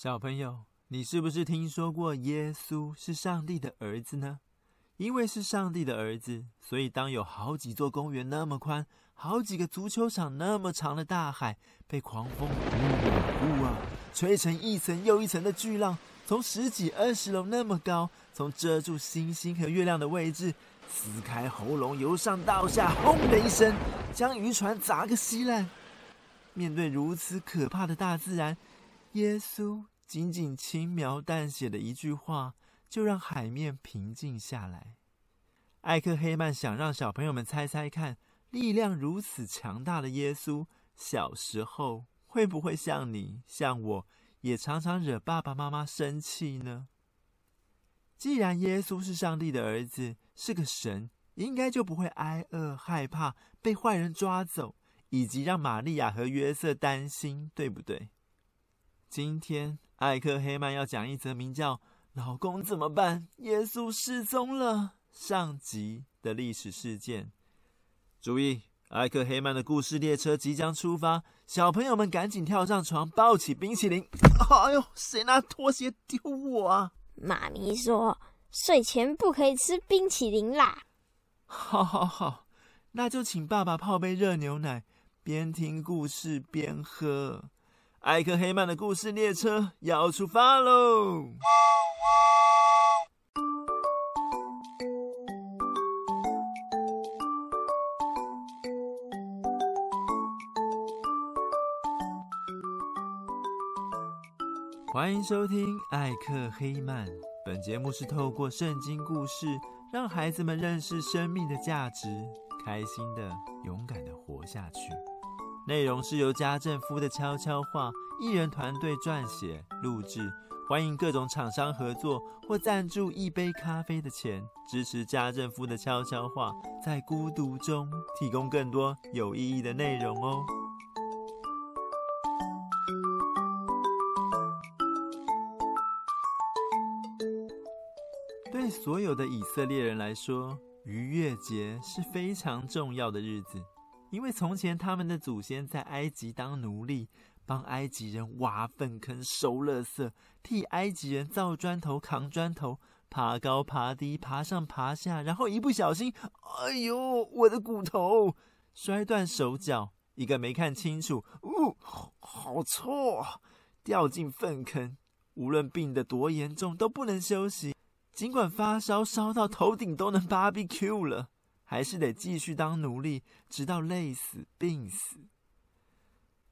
小朋友，你是不是聽說過耶穌是上帝的兒子呢？因為是上帝的兒子，所以當有好幾座公園那麼寬、好幾個足球場那麼長的大海被狂風嗚啊吹成一層又一層的巨浪，從十幾、二十樓那麼高，從遮住星星和月亮的位置，撕開喉嚨，由上到下，轟的一聲，將漁船砸個稀爛。面對如此可怕的大自然，耶穌僅僅輕描淡寫的一句話，就讓海面平靜下來。艾克黑曼想讓小朋友們猜猜看：力量如此強大的耶穌，小時候會不會像你、像我，也常常惹爸爸媽媽生氣呢？既然耶穌是上帝的兒子，是個神，應該就不會挨餓、害怕被壞人抓走，以及讓瑪利亞和約瑟擔心，對不對？今天艾克黑曼要講一則名叫《老公怎麼辦？耶穌失蹤了》上集的歷史事件。注意，艾克黑曼的故事列車即將出發，小朋友們趕緊跳上床，抱起冰淇淋。哎呦，誰拿拖鞋丟我啊？媽咪說，睡前不可以吃冰淇淋啦。好，好，好，那就請爸爸泡杯熱牛奶，邊聽故事邊喝。艾克黑曼的故事列車要出發嘍！歡迎收聽艾克黑曼。本節目是透過聖經故事，讓孩子們認識生命的價值，開心的、勇敢的活下去。內容是由家政夫的悄悄話藝人團隊撰寫、錄製，歡迎各種廠商合作或贊助一杯咖啡的錢，支持家政夫的悄悄話，在孤獨中提供更多有意義的內容哦。對所有的以色列人來說，逾越節是非常重要的日子。因為從前他們的祖先在埃及當奴隸，幫埃及人挖糞坑、收垃圾，替埃及人造磚頭、扛磚頭，爬高爬低、爬上爬下，然後一不小心，哎呦，我的骨頭摔斷手腳，一個沒看清楚，嗚、哦，好好臭啊，掉進糞坑。無論病得多嚴重，都不能休息，儘管發燒燒到頭頂都能 barbecue 了。還是得繼續當奴隸，直到累死、病死。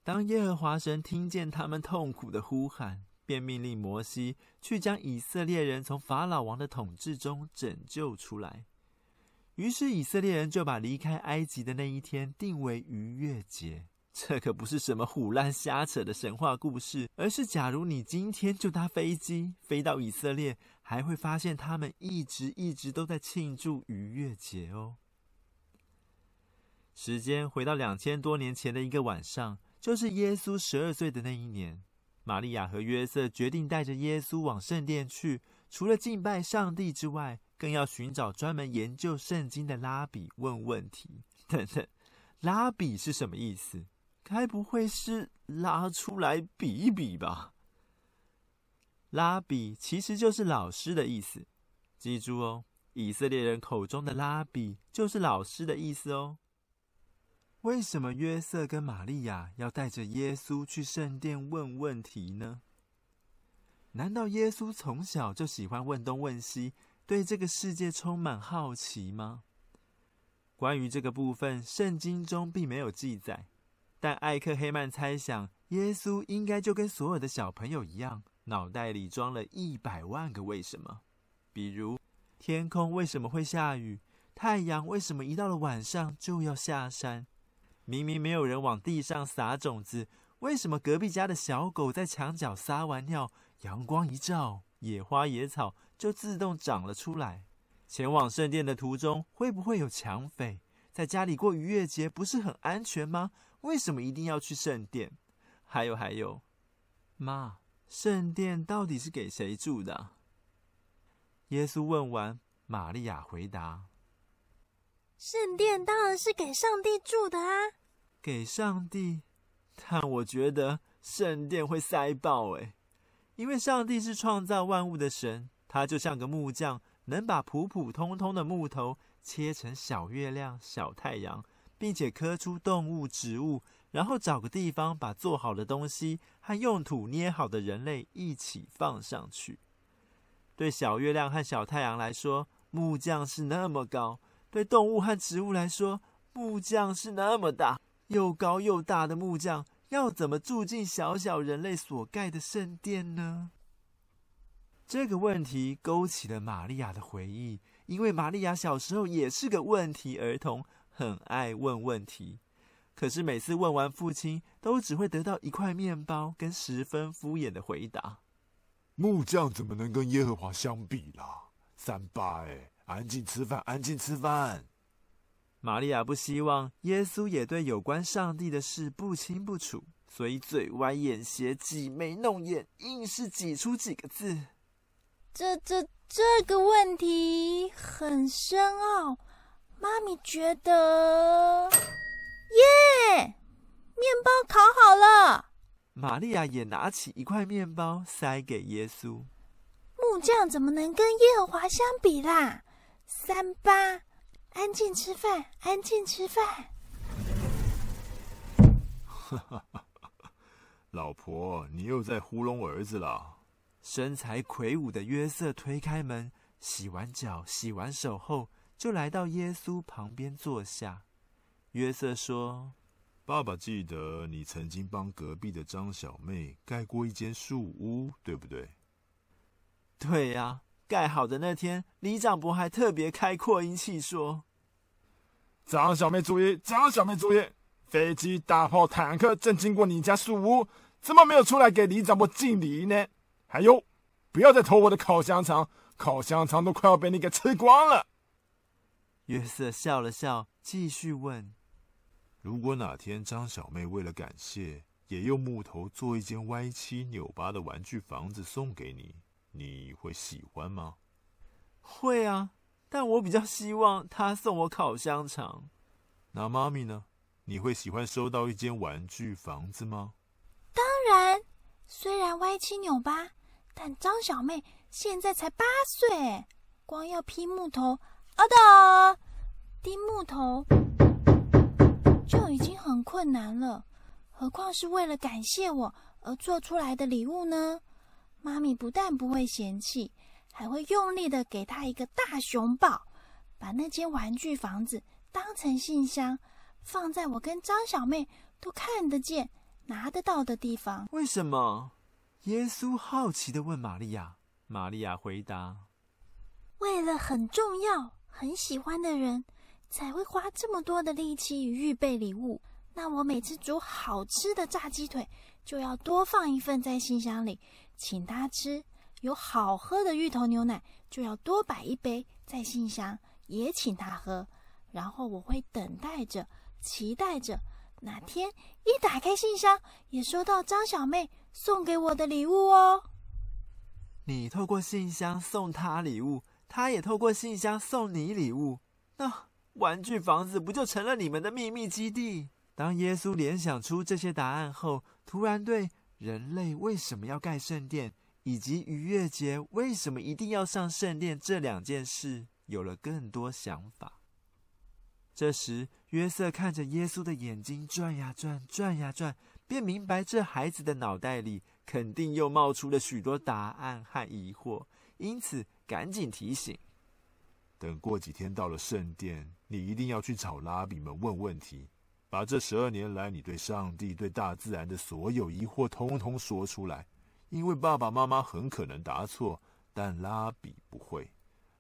當耶和華神聽見他們痛苦的呼喊，便命令摩西去將以色列人從法老王的統治中拯救出來。於是以色列人就把離開埃及的那一天定為逾越節。這可不是什麼唬爛瞎扯的神話故事，而是假如你今天就搭飛機飛到以色列，還會發現他們一直一直都在慶祝逾越節哦。時間回到兩千多年前的一個晚上，就是耶穌十二歲的那一年。瑪利亞和約瑟決定帶着耶穌往聖殿去，除了敬拜上帝之外，更要尋找專門研究聖經的拉比問問題。等等， 拉比是什麼意思？該不會是拉出來比一比吧？拉比其實就是老師的意思。記住哦，以色列人口中的拉比就是老師的意思哦。為什麼約瑟跟瑪利亞要帶着耶穌去聖殿問問題呢？難道耶穌從小就喜歡問東問西，對這個世界充滿好奇嗎？關於這個部分，聖經中並沒有記載。但艾克黑曼猜想，耶穌應該就跟所有的小朋友一樣，腦袋裡裝了一百萬個為什麼，比如天空為什麼會下雨，太陽為什麼一到了晚上就要下山。明明沒有人往地上撒種子，為什麼隔壁家的小狗在牆角撒完尿，陽光一照，野花野草就自動長了出來？前往聖殿的途中會不會有搶匪？在家裡過逾越節不是很安全嗎？為什麼一定要去聖殿？還有還有，媽，聖殿到底是給誰住的？耶穌問完，瑪利亞回答。聖殿當然是給上帝住的啊，給上帝。但我覺得聖殿會塞爆誒，因為上帝是創造萬物的神，他就像個木匠，能把普普通通的木頭切成小月亮、小太陽，並且刻出動物、植物，然後找個地方把做好的東西和用土捏好的人類一起放上去。對小月亮和小太陽來說，木匠是那麼高。對動物和植物來說，木匠是那麼大，又高又大的木匠，要怎麼住進小小人類所蓋的聖殿呢？這個問題勾起了瑪利亞的回憶，因為瑪利亞小時候也是個問題兒童，很愛問問題。可是每次問完，父親都只會得到一塊麵包跟十分敷衍的回答。木匠怎麼能跟耶和華相比啦？三八耶。安靜吃飯，安靜吃飯。瑪利亞不希望耶穌也對有關上帝的事不清不楚，所以嘴歪眼斜、擠眉弄眼，硬是擠出幾個字：“這、這、這個問題很深奧、哦。”媽咪覺得耶，yeah! 麵包烤好了。瑪利亞也拿起一塊麵包塞給耶穌。木匠怎麼能跟耶和華相比啦？三八，安靜吃飯，安靜吃飯。哈哈哈，老婆，你又在糊弄我兒子了。身材魁梧的約瑟推開門，洗完腳、洗完手後，就來到耶穌旁邊坐下。約瑟說：“爸爸，記得你曾經幫隔壁的張小妹蓋過一間樹屋，對不對？”“對呀、啊。”蓋好的那天，里長伯還特別開擴音器說：“張小妹，注意，張小妹，注意，飛機、大炮、坦克正經過你家樹屋，怎麼沒有出來給里長伯敬禮呢？還有，不要再偷我的烤香腸，烤香腸都快要被你給吃光了。”約瑟笑了笑，繼續問：“如果哪天張小妹為了感謝，也用木頭做一間歪七扭八的玩具房子送給你？”你會喜歡嗎？會啊，但我比較希望他送我烤香腸。那媽咪呢？你會喜歡收到一間玩具房子嗎？當然，雖然歪七扭八，但張小妹現在才八歲，光要劈木頭、啊的釘木頭就已經很困難了，何況是為了感謝我而做出來的禮物呢？媽咪不但不會嫌棄，還會用力的給他一個大熊抱，把那間玩具房子當成信箱，放在我跟張小妹都看得見、拿得到的地方。為什麼？耶穌好奇的問瑪利亞。瑪利亞回答：“為了很重要、很喜歡的人，才會花這麼多的力氣與預備禮物。那我每次煮好吃的炸雞腿，就要多放一份在信箱裡。”請他吃有好喝的芋頭牛奶，就要多擺一杯在信箱，也請他喝。然後我會等待着，期待着哪天一打開信箱，也收到張小妹送給我的禮物哦。你透過信箱送他禮物，他也透過信箱送你禮物，那玩具房子不就成了你們的秘密基地？當耶穌聯想出這些答案後，突然對。人類為什麼要蓋聖殿，以及逾越節為什麼一定要上聖殿這兩件事，有了更多想法。這時，約瑟看着耶穌的眼睛轉呀轉，轉呀轉，便明白這孩子的腦袋裡肯定又冒出了許多答案和疑惑，因此趕緊提醒：“等過幾天到了聖殿，你一定要去找拉比們問問題。”把這十二年來你對上帝、對大自然的所有疑惑，通通說出來。因為爸爸媽媽很可能答錯，但拉比不會。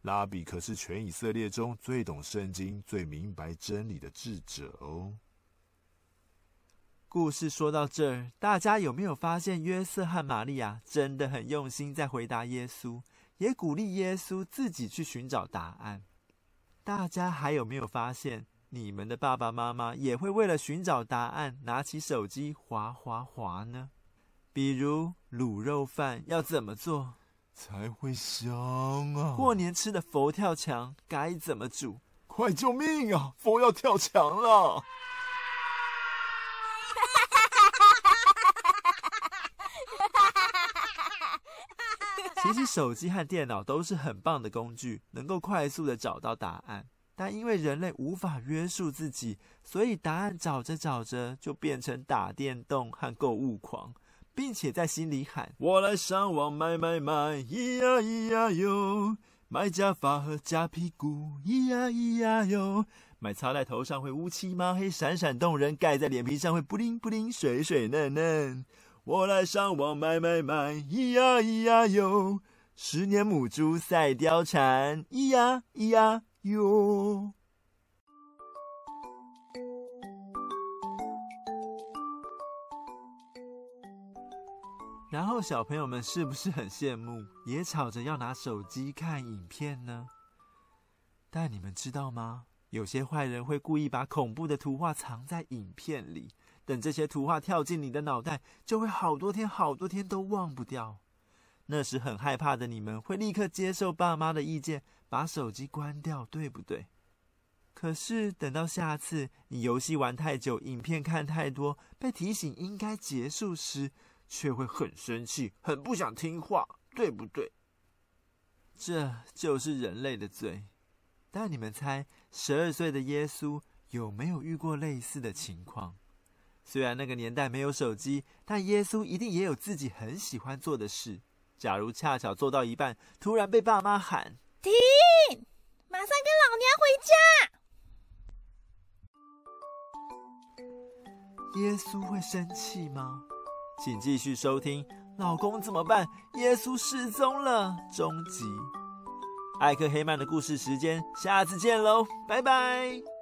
拉比可是全以色列中最懂聖經、最明白真理的智者哦。故事說到這兒，大家有沒有發現，約瑟和瑪利亞真的很用心在回答耶穌，也鼓勵耶穌自己去尋找答案？大家還有沒有發現？你們的爸爸媽媽也會為了尋找答案，拿起手機滑滑滑呢？比如滷肉飯要怎麼做才會香啊？過年吃的佛跳牆該怎麼煮？快救命啊！佛要跳牆了！ 其實手機和電腦都是很棒的工具，能夠快速的找到答案。但因為人類無法約束自己，所以答案找着找着就變成打電動和購物狂，並且在心裡喊：“我來上網買買買，咿呀咿呀喲，買假髮和假屁股，咿呀咿呀喲，買擦在頭上會烏漆嘛黑閃閃動人，蓋在臉皮上會布靈布靈水水嫩嫩。我來上網買買買，咿呀咿呀喲，十年母豬賽貂蟬，咿呀咿呀。”喲，然後小朋友們是不是很羨慕，也吵着要拿手機看影片呢？但你們知道嗎？有些壞人會故意把恐怖的圖畫藏在影片裡，等這些圖畫跳進你的腦袋，就會好多天、好多天都忘不掉。那時很害怕的你們會立刻接受爸媽的意見，把手機關掉，對不對？可是等到下次你遊戲玩太久、影片看太多，被提醒應該結束時，卻會很生氣、很不想聽話，對不對？這就是人類的罪。但你們猜，十二歲的耶穌有沒有遇過類似的情況？雖然那個年代沒有手機，但耶穌一定也有自己很喜歡做的事。假如恰巧做到一半，突然被爸媽喊停，馬上跟老娘回家。耶穌會生氣嗎？請繼續收聽《老公怎麼辦》，耶穌失蹤了，終極艾克黑曼的故事時間，下次見嘍，拜拜。